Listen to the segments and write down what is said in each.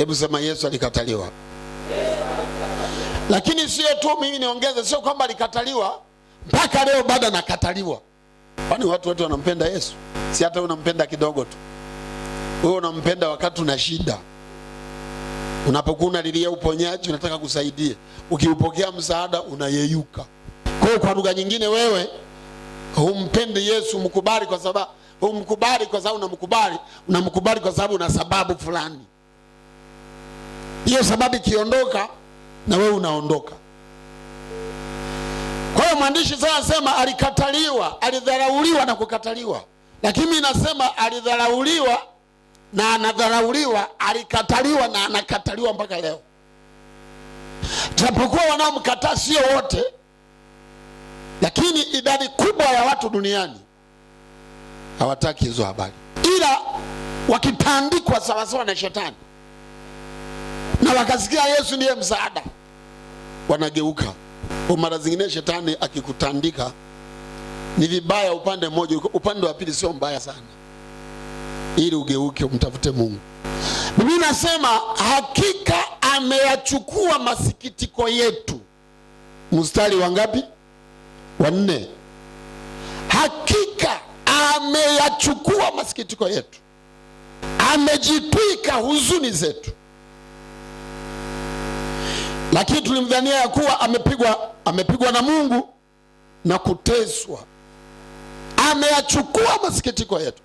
Hebu sema Yesu alikataliwa. Lakini sio tu mimi niongeze, sio kwamba alikataliwa mpaka leo bado nakataliwa Kwani watu wote wanampenda Yesu? Si hata unampenda kidogo tu, wewe unampenda wakati una shida, unapokuwa unalilia uponyaji, unataka kusaidia, ukiupokea msaada unayeyuka. Kwa hiyo, kwa lugha nyingine, wewe humpendi Yesu, mkubali kwa sababu humkubali kwa sababu unamkubali, unamkubali kwa sababu una sababu fulani. Hiyo sababu ikiondoka na wewe unaondoka. Kwa hiyo mwandishi sasa anasema alikataliwa, alidharauliwa na kukataliwa, lakini inasema alidharauliwa na anadharauliwa, alikataliwa na anakataliwa mpaka leo, japokuwa wanaomkataa sio wote, lakini idadi kubwa ya watu duniani hawataki hizo habari, ila wakitandikwa sawasawa na shetani na wakasikia Yesu ndiye msaada, wanageuka. Kwa mara zingine shetani akikutandika ni vibaya upande mmoja, upande wa pili sio mbaya sana, ili ugeuke umtafute Mungu. Biblia inasema hakika ameyachukua masikitiko yetu. Mstari wa ngapi? Wa nne. Hakika ameyachukua masikitiko yetu, amejitwika huzuni zetu lakini tulimdhania ya kuwa amepigwa, amepigwa na Mungu na kuteswa. Ameyachukua masikitiko yetu.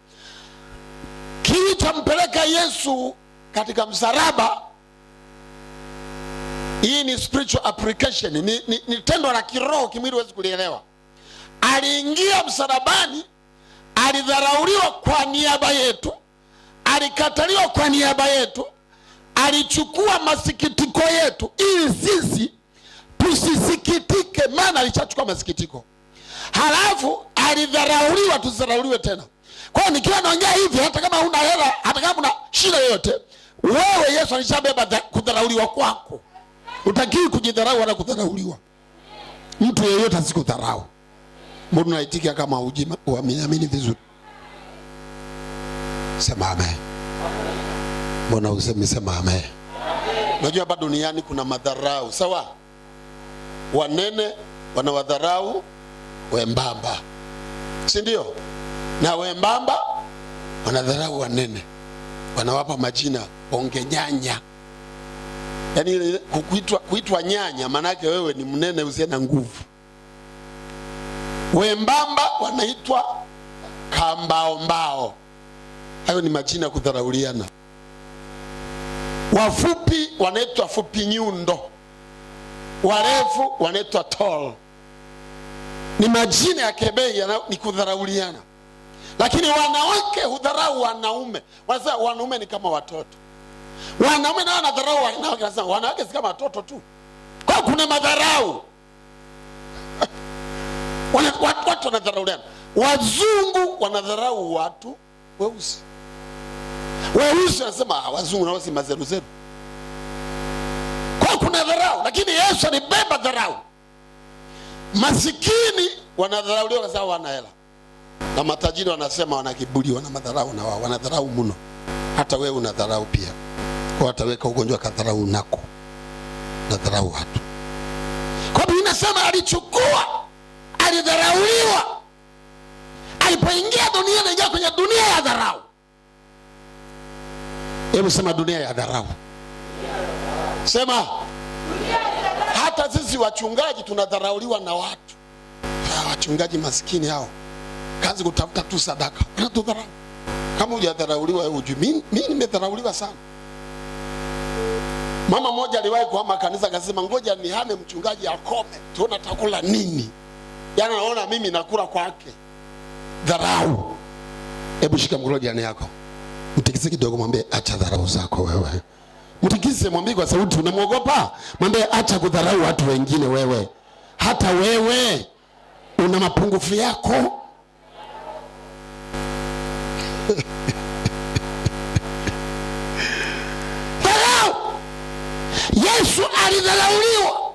Kilichompeleka Yesu katika msalaba, hii ni spiritual application, ni, ni, ni tendo la kiroho, kimwili huwezi kulielewa. Aliingia msalabani, alidharauliwa kwa niaba yetu, alikataliwa kwa niaba yetu alichukua masikitiko yetu ili sisi tusisikitike, maana alichachukua masikitiko. Halafu alidharauliwa, tusidharauliwe tena. Kwa hiyo nikiwa naongea hivi, hata kama una hela, hata kama una shida yoyote, wewe Yesu alishabeba kudharauliwa kwako. Utakiwi kujidharau wala kudharauliwa, mtu yeyote asikudharau. Mbona unaitikia kama hujamini vizuri? Sema amen. Mbona usemi sema amen? Unajua hapa duniani kuna madharau, sawa? Wanene wanawadharau wembamba, si ndio? Na wembamba wanadharau wanene, wanawapa majina ongenyanya. Yaani kuitwa, kuitwa nyanya maanake wewe ni mnene usiye na nguvu. Wembamba wanaitwa kambaombao. Hayo ni majina ya kudharauliana. Wafupi wanaitwa fupi nyundo, warefu wanaitwa tall. Ni majina ya kebei, ni kudharauliana. Lakini wanawake hudharau wanaume, wanasema wanaume ni kama watoto. Wanaume nao wanadharau wanawake, wanasema wanawake si kama watoto tu. Kwa kuna madharau watu wanadharauliana. Wazungu wanadharau watu weusi. Weusi anasema ah, wazungu nao si zeru. kwa kuna dharau, lakini Yesu alibeba dharau. Masikini wanadharauliwa kwa sababu wana hela, na matajiri wanasema wana kiburi, wana madharau, na wao wanadharau mno. Hata wewe una pia, kwa wataweka ugonjwa kadharau nako na dharau watu. Kwa Biblia inasema alichukua, alidharauliwa alipoingia duniani, ingia kwenye dunia ya dharau Hebu sema dunia ya dharau, sema hata sisi wachungaji tunadharauliwa na watu. Ha, wachungaji masikini hao, kazi kutafuta tu sadaka, wanatudharau. Kama hujadharauliwa hujui. Mimi nimedharauliwa sana. Mama mmoja aliwahi kuhama kanisa akasema, ngoja nihame mchungaji akome, tuona takula nini. Yaani naona mimi nakula kwake. Dharau. Hebu shika mkono jirani yako. Mtikize kidogo, mwambie acha dharau zako wewe. Mtikise, mwambie kwa sauti, unamwogopa, mwambie acha kudharau watu wengine. Wewe hata wewe una mapungufu yako. Dharau. Yesu alidharauliwa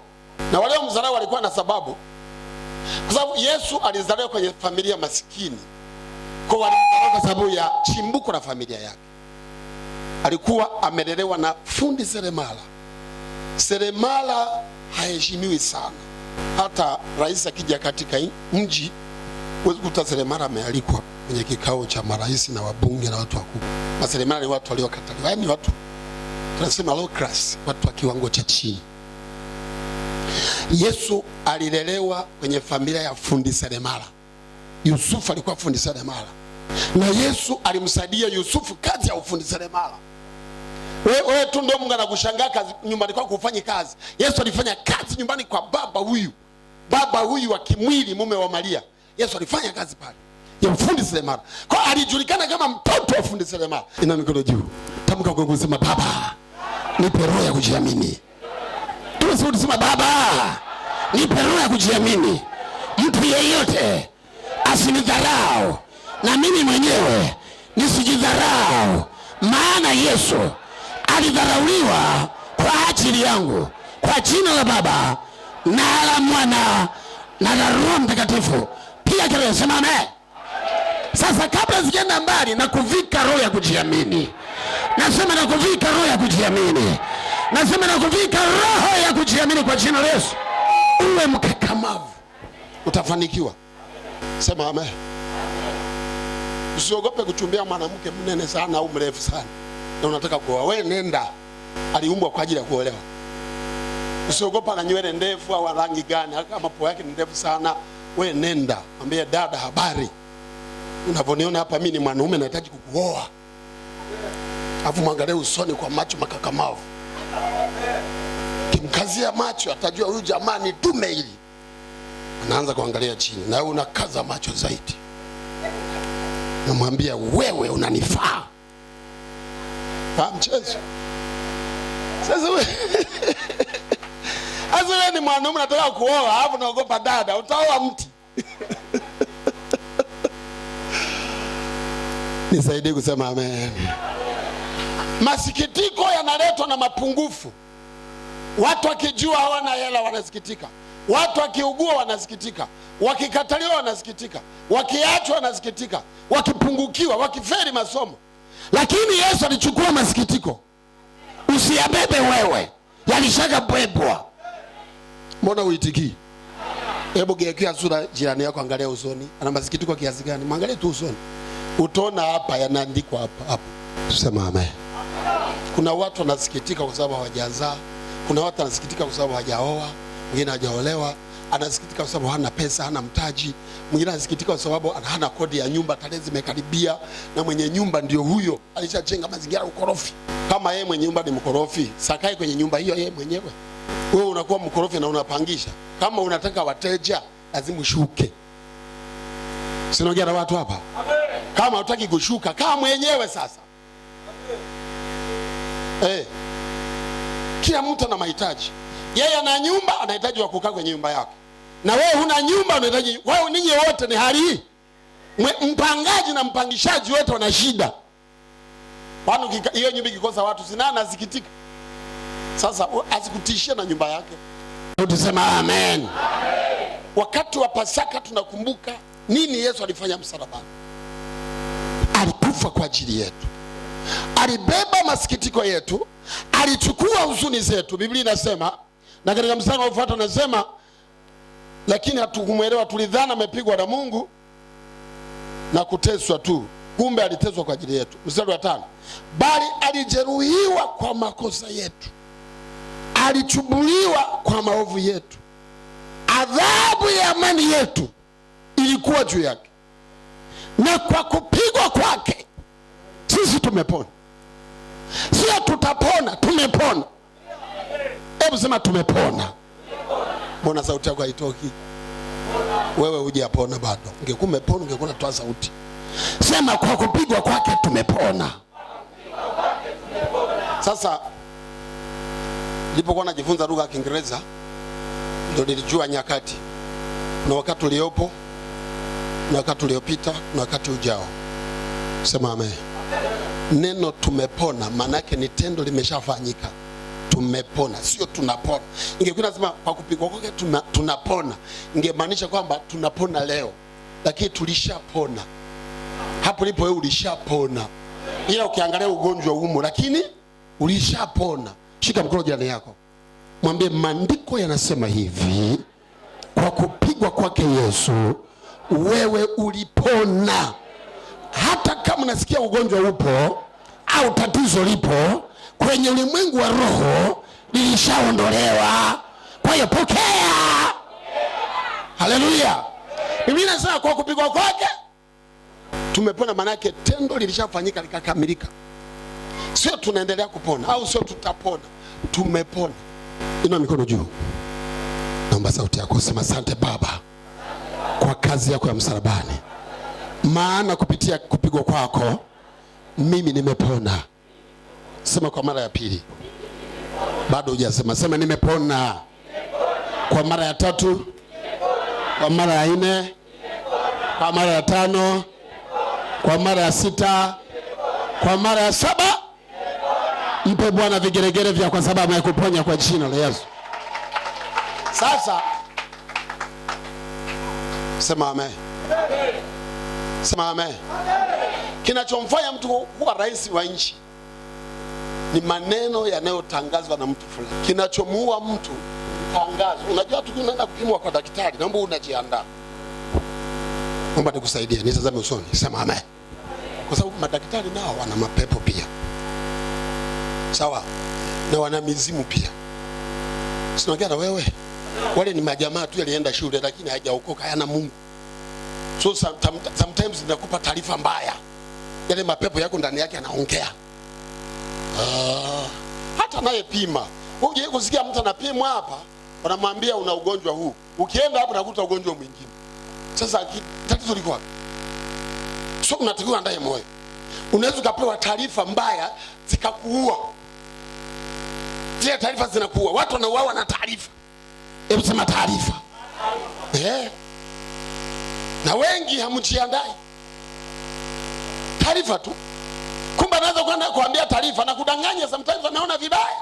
na waliomdharau walikuwa na sababu, kwa sababu Yesu alizaliwa kwenye familia masikini kwa walimdharau kwa sababu ya chimbuko la familia yake. Alikuwa amelelewa na fundi seremala. Seremala haheshimiwi sana, hata rais akija katika mji huwezi kukuta seremala amealikwa kwenye kikao cha marais na wabunge na watu wakubwa. Maseremala ni watu waliokataliwa, yaani watu tunasema low class, watu wa kiwango cha chini. Yesu alilelewa kwenye familia ya fundi seremala. Yusufu alikuwa fundi seremala na Yesu alimsaidia Yusufu kazi ya ufundi seremala. Wewe tu ndio Mungu anakushangaa kazi nyumbani kwako ufanye kazi. Yesu alifanya kazi nyumbani kwa baba huyu, baba huyu wa kimwili, mume wa Maria. Yesu alifanya kazi pale ya ufundi seremala, kwa alijulikana kama mtoto wa fundi seremala. Ina mikono juu, tamka kwa kusema Baba, nipe roho ya kujiamini. sema baba, nipe roho ya kujiamini. Mtu yeyote asinidharau na mimi mwenyewe nisijidharau, maana Yesu alidharauliwa kwa ajili yangu. Kwa jina la Baba na la Mwana na la Roho Mtakatifu. pia kelele, sema amen. Sasa kabla sijaenda mbali, na kuvika roho ya kujiamini. Nasema na kuvika roho ya kujiamini, nasema na kuvika roho ya kujiamini kwa jina la Yesu. Uwe mkakamavu, utafanikiwa. Sema amen. Usiogope kuchumbia mwanamke mnene sana au mrefu sana na unataka kuoa. Wewe nenda, aliumbwa kwa ajili ya kuolewa. Usiogopa na nywele ndefu au rangi gani, kama pua yake ni ndefu sana, wewe nenda, mwambie dada, habari, unavyoniona hapa mimi ni mwanaume, nahitaji kukuoa. Afu mwangalie usoni kwa macho makakamavu, kimkazia macho atajua huyu jamani, tume hili naanza kuangalia chini, na wewe unakaza macho zaidi, namwambia wewe unanifaa mchezo sasa we sasa wewe ni mwanaume nataka kuoa, alafu naogopa dada, utaoa mti nisaidie kusema amen. Masikitiko yanaletwa na mapungufu. Watu wakijua hawana wanasikitika, watu wakiugua wanasikitika, wakikataliwa wanasikitika, wakiachwa wanasikitika, wakipungukiwa, wakifeli masomo. Lakini Yesu alichukua masikitiko, usiyabebe wewe, yalishaka bebwa. Mbona uitikii? Hebu geukia sura jirani yako, angalia usoni, ana masikitiko kiasi gani? Mwangalie tu usoni, utaona hapa yanaandikwa hapa hapa. Tusema amen. Kuna watu wanasikitika kwa sababu hawajazaa. Kuna watu wanasikitika kwa sababu hawajaoa mwingine hajaolewa anasikitika kwa sababu hana pesa, hana mtaji. Mwingine anasikitika kwa sababu hana kodi ya nyumba, tarehe zimekaribia, na mwenye nyumba ndio huyo, alishajenga mazingira ya ukorofi. Kama yeye mwenye nyumba ni mkorofi, sakae kwenye nyumba hiyo yeye mwenyewe. Wewe unakuwa mkorofi na unapangisha. Kama unataka wateja, lazima ushuke. Sinaongea na watu hapa. Kama hutaki kushuka, kaa mwenyewe sasa. Eh, kila mtu ana mahitaji. Yeye ana nyumba, anahitaji wa kukaa kwenye nyumba yake na wewe huna nyumba, unahitaji wewe. Ninyi wote ni hali hii, mpangaji na mpangishaji wote wana shida. Kwani hiyo nyumba ikikosa watu, sina nasikitika. Sasa azikutishie na nyumba yake. Tutasema amen, amen. Wakati wa Pasaka tunakumbuka nini Yesu alifanya msalabani. Alikufa kwa ajili yetu, alibeba masikitiko yetu, alichukua huzuni zetu. Biblia inasema na katika mstari unaofuata anasema, lakini hatukumwelewa, tulidhana amepigwa na Mungu na kuteswa tu, kumbe aliteswa kwa ajili yetu. Mstari wa tano, bali alijeruhiwa kwa makosa yetu, alichubuliwa kwa maovu yetu, adhabu ya amani yetu ilikuwa juu yake, na kwa kupigwa kwake sisi tumepona. Sio tutapona, tumepona sababu sema tumepona. Mbona sauti yako haitoki? Wewe hujapona bado. Ungekuwa umepona ungekuwa unatoa sauti. Sema kwa kupigwa kwake tumepona. Sasa nilipokuwa najifunza lugha ya Kiingereza ndio nilijua nyakati na wakati uliopo na wakati uliopita na wakati ujao. Sema amen. Neno tumepona maana yake ni tendo limeshafanyika tumepona, sio tunapona. Ingekuwa nasema kwa kupigwa kwake tunapona, ingemaanisha kwamba tunapona leo, lakini tulishapona. Hapo lipo wewe ulishapona, ila ukiangalia ugonjwa umo, lakini ulishapona. Shika mkono jirani yako, mwambie maandiko yanasema hivi, kwa kupigwa kwake Yesu wewe ulipona. Hata kama nasikia ugonjwa upo au tatizo lipo kwenye ulimwengu wa roho lilishaondolewa. Kwa hiyo pokea, Haleluya, Biblia inasema kwa kupigwa kwake tumepona, maanake tendo lilishafanyika likakamilika. Sio tunaendelea kupona au sio tutapona, tumepona. Inua mikono juu, naomba sauti yako, sema asante Baba kwa kazi yako ya msalabani, maana kupitia kupigwa kwako mimi nimepona. Sema kwa mara ya pili. Bado hujasema. Sema nimepona. Kwa mara ya tatu. Kwa mara ya nne. Kwa mara ya tano. Kwa mara ya sita. Kwa mara ya saba. Mpe Bwana vigeregere vya kwa sababu amekuponya kwa jina la Yesu. Sasa sema amen. Sema amen. Kinachomfanya mtu kuwa rais wa nchi ni maneno yanayotangazwa na mtu fulani. Kinachomuua mtu tangazo. Unajua tu unaenda kupimwa kwa daktari, naomba unajiandaa, naomba nikusaidie, nitazame usoni, sema amen, kwa sababu madaktari nao wana mapepo pia, sawa na wana mizimu pia, sinaongea na wewe. Wale ni majamaa tu yalienda shule, lakini hajaokoka hayana Mungu. So sometimes inakupa taarifa mbaya, yale mapepo yako ndani yake yanaongea Ah, hata nayepima uje kusikia mtu anapimwa hapa, wanamwambia una ugonjwa huu, ukienda hapo nakuta ugonjwa mwingine. Sasa tatizo liko wapi? So unatakiwa ndaye moyo, unaweza ukapewa taarifa mbaya zikakuua. Zile taarifa zinakuua, watu wanauawa na taarifa. Hebu sema taarifa eh, na wengi hamjiandai taarifa tu. Kumbe anaweza kwenda kuambia taarifa na kudanganya, sometimes ameona vibaya,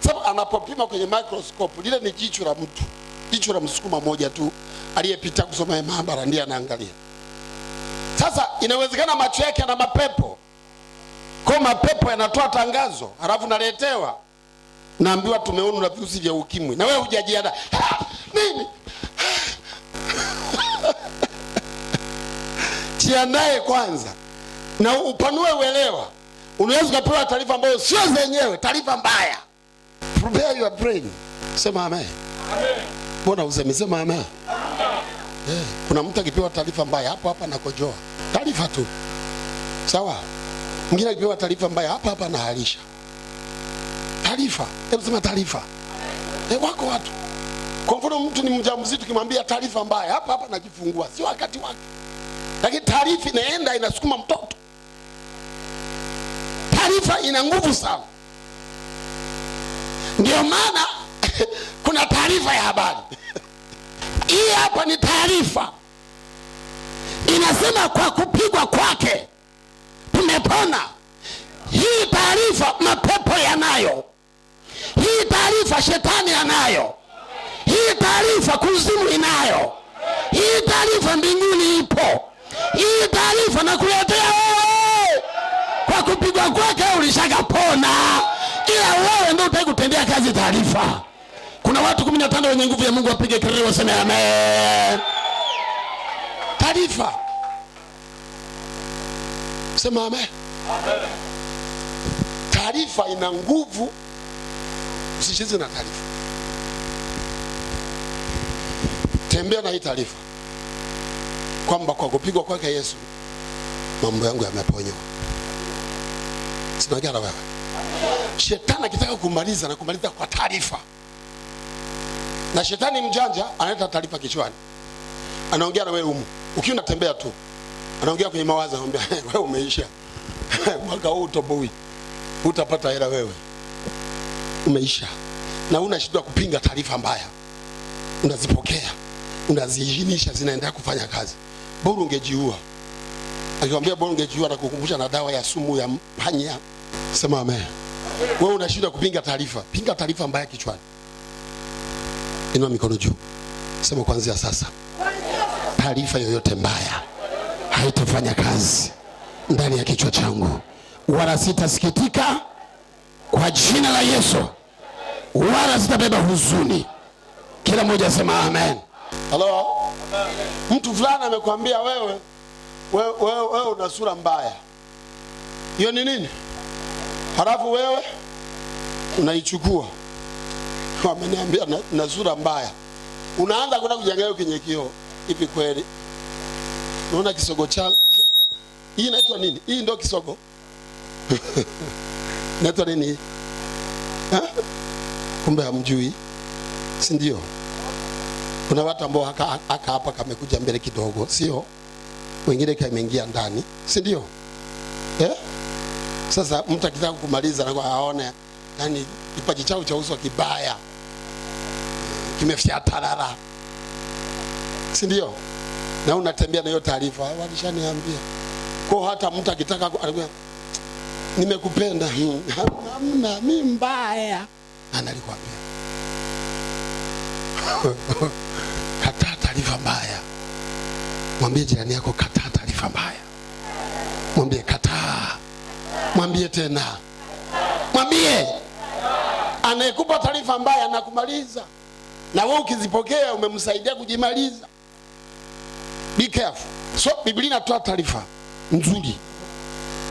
sababu anapopima kwenye microscope, lile ni jicho la mtu, jicho la msukuma moja tu aliyepita kusoma maabara ndiye anaangalia. Sasa inawezekana macho yake yana mapepo, kwa mapepo yanatoa tangazo, halafu naletewa, naambiwa tumeona na virusi vya ukimwi na wewe hujajiandaa nini jiandae kwanza na upanue uelewa. Unaweza ukapewa taarifa ambayo sio zenyewe, taarifa mbaya. Prepare your brain. Sema amen. Amen. Mbona useme sema amen? Eh, yeah. Kuna mtu akipewa taarifa mbaya hapo hapa nakojoa. Taarifa tu. Sawa? Mwingine akipewa taarifa mbaya hapa hapa anahalisha. Taarifa. Hebu sema taarifa. Eh, wako watu. Kwa mfano mtu ni mjamzito kimwambia taarifa mbaya hapa hapa najifungua. Sio wakati wake. Lakini taarifa inaenda inasukuma mtoto taarifa ina nguvu sana. Ndio maana kuna taarifa ya habari hii hapa ni taarifa inasema, kwa kupigwa kwake tumepona. Hii taarifa mapepo yanayo, hii taarifa shetani yanayo, hii taarifa kuzimu inayo, hii taarifa mbinguni ipo, hii taarifa nakuletea wewe kwa kupigwa kwake ulishakapona, ila wewe ndio utaki kutendea kazi taarifa. Kuna watu kumi na tano wenye nguvu ya Mungu, wapige kelele, waseme amen. Taarifa sema amen. Taarifa ina nguvu, usicheze na taarifa, tembea na hii taarifa kwamba kwa kupigwa kwake Yesu mambo yangu yameponywa. Yesu naongea na wewe. Shetani akitaka kumaliza na kumaliza kwa taarifa, na shetani mjanja analeta taarifa kichwani, anaongea na wewe umu, ukiwa unatembea tu, anaongea kwenye mawazo, anambia wewe umeisha mwaka huu utobui, utapata hela wewe, umeisha. Na una shida kupinga taarifa mbaya, unazipokea unaziinisha, zinaendelea kufanya kazi. Bora ungejiua, akikwambia bora ungejiua, na kukumbusha na dawa ya sumu ya panya. Sema amen. Wewe unashindwa kupinga taarifa, pinga taarifa mbaya kichwani. Inua mikono juu, sema kuanzia sasa taarifa yoyote mbaya haitafanya kazi ndani ya kichwa changu, wala sitasikitika kwa jina la Yesu, wala sitabeba huzuni. Kila mmoja asema amen. Halo, mtu fulani amekwambia wewe, wewe, wewe una sura mbaya. Hiyo ni nini? halafu wewe unaichukua, wameniambia na, na sura mbaya, unaanza kwenda kujiangalia kwenye kioo. Ipi kweli? Unaona kisogo changu hii inaitwa nini? Hii ndio kisogo inaitwa nini? Ha? Kumbe hamjui, si ndio? Kuna watu ambao haka hapa kamekuja mbele kidogo, sio wengine kameingia ndani, si ndio? Sasa mtu akitaka kumaliza na aone, yani kipaji chao cha uso kibaya kimefia tarara, si ndio? Na unatembea na hiyo taarifa, ah, walishaniambia kwa hata mtu akitaka nimekupenda, hamna mimi mbaya, analikwambia kataa taarifa mbaya. Mwambie jirani yako, kataa taarifa mbaya, mwambie mwambie tena, mwambie anayekupa taarifa mbaya anakumaliza, na wewe ukizipokea umemsaidia kujimaliza. Be careful. So Biblia inatoa taarifa nzuri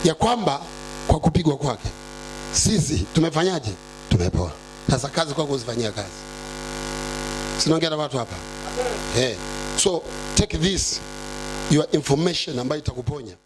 ya kwamba kwa kupigwa kwake sisi tumefanyaje? tumepoa Sasa kazi kwako uzifanyia kazi. Sinaongea na watu hapa. Hey. Eh. So take this your information ambayo itakuponya.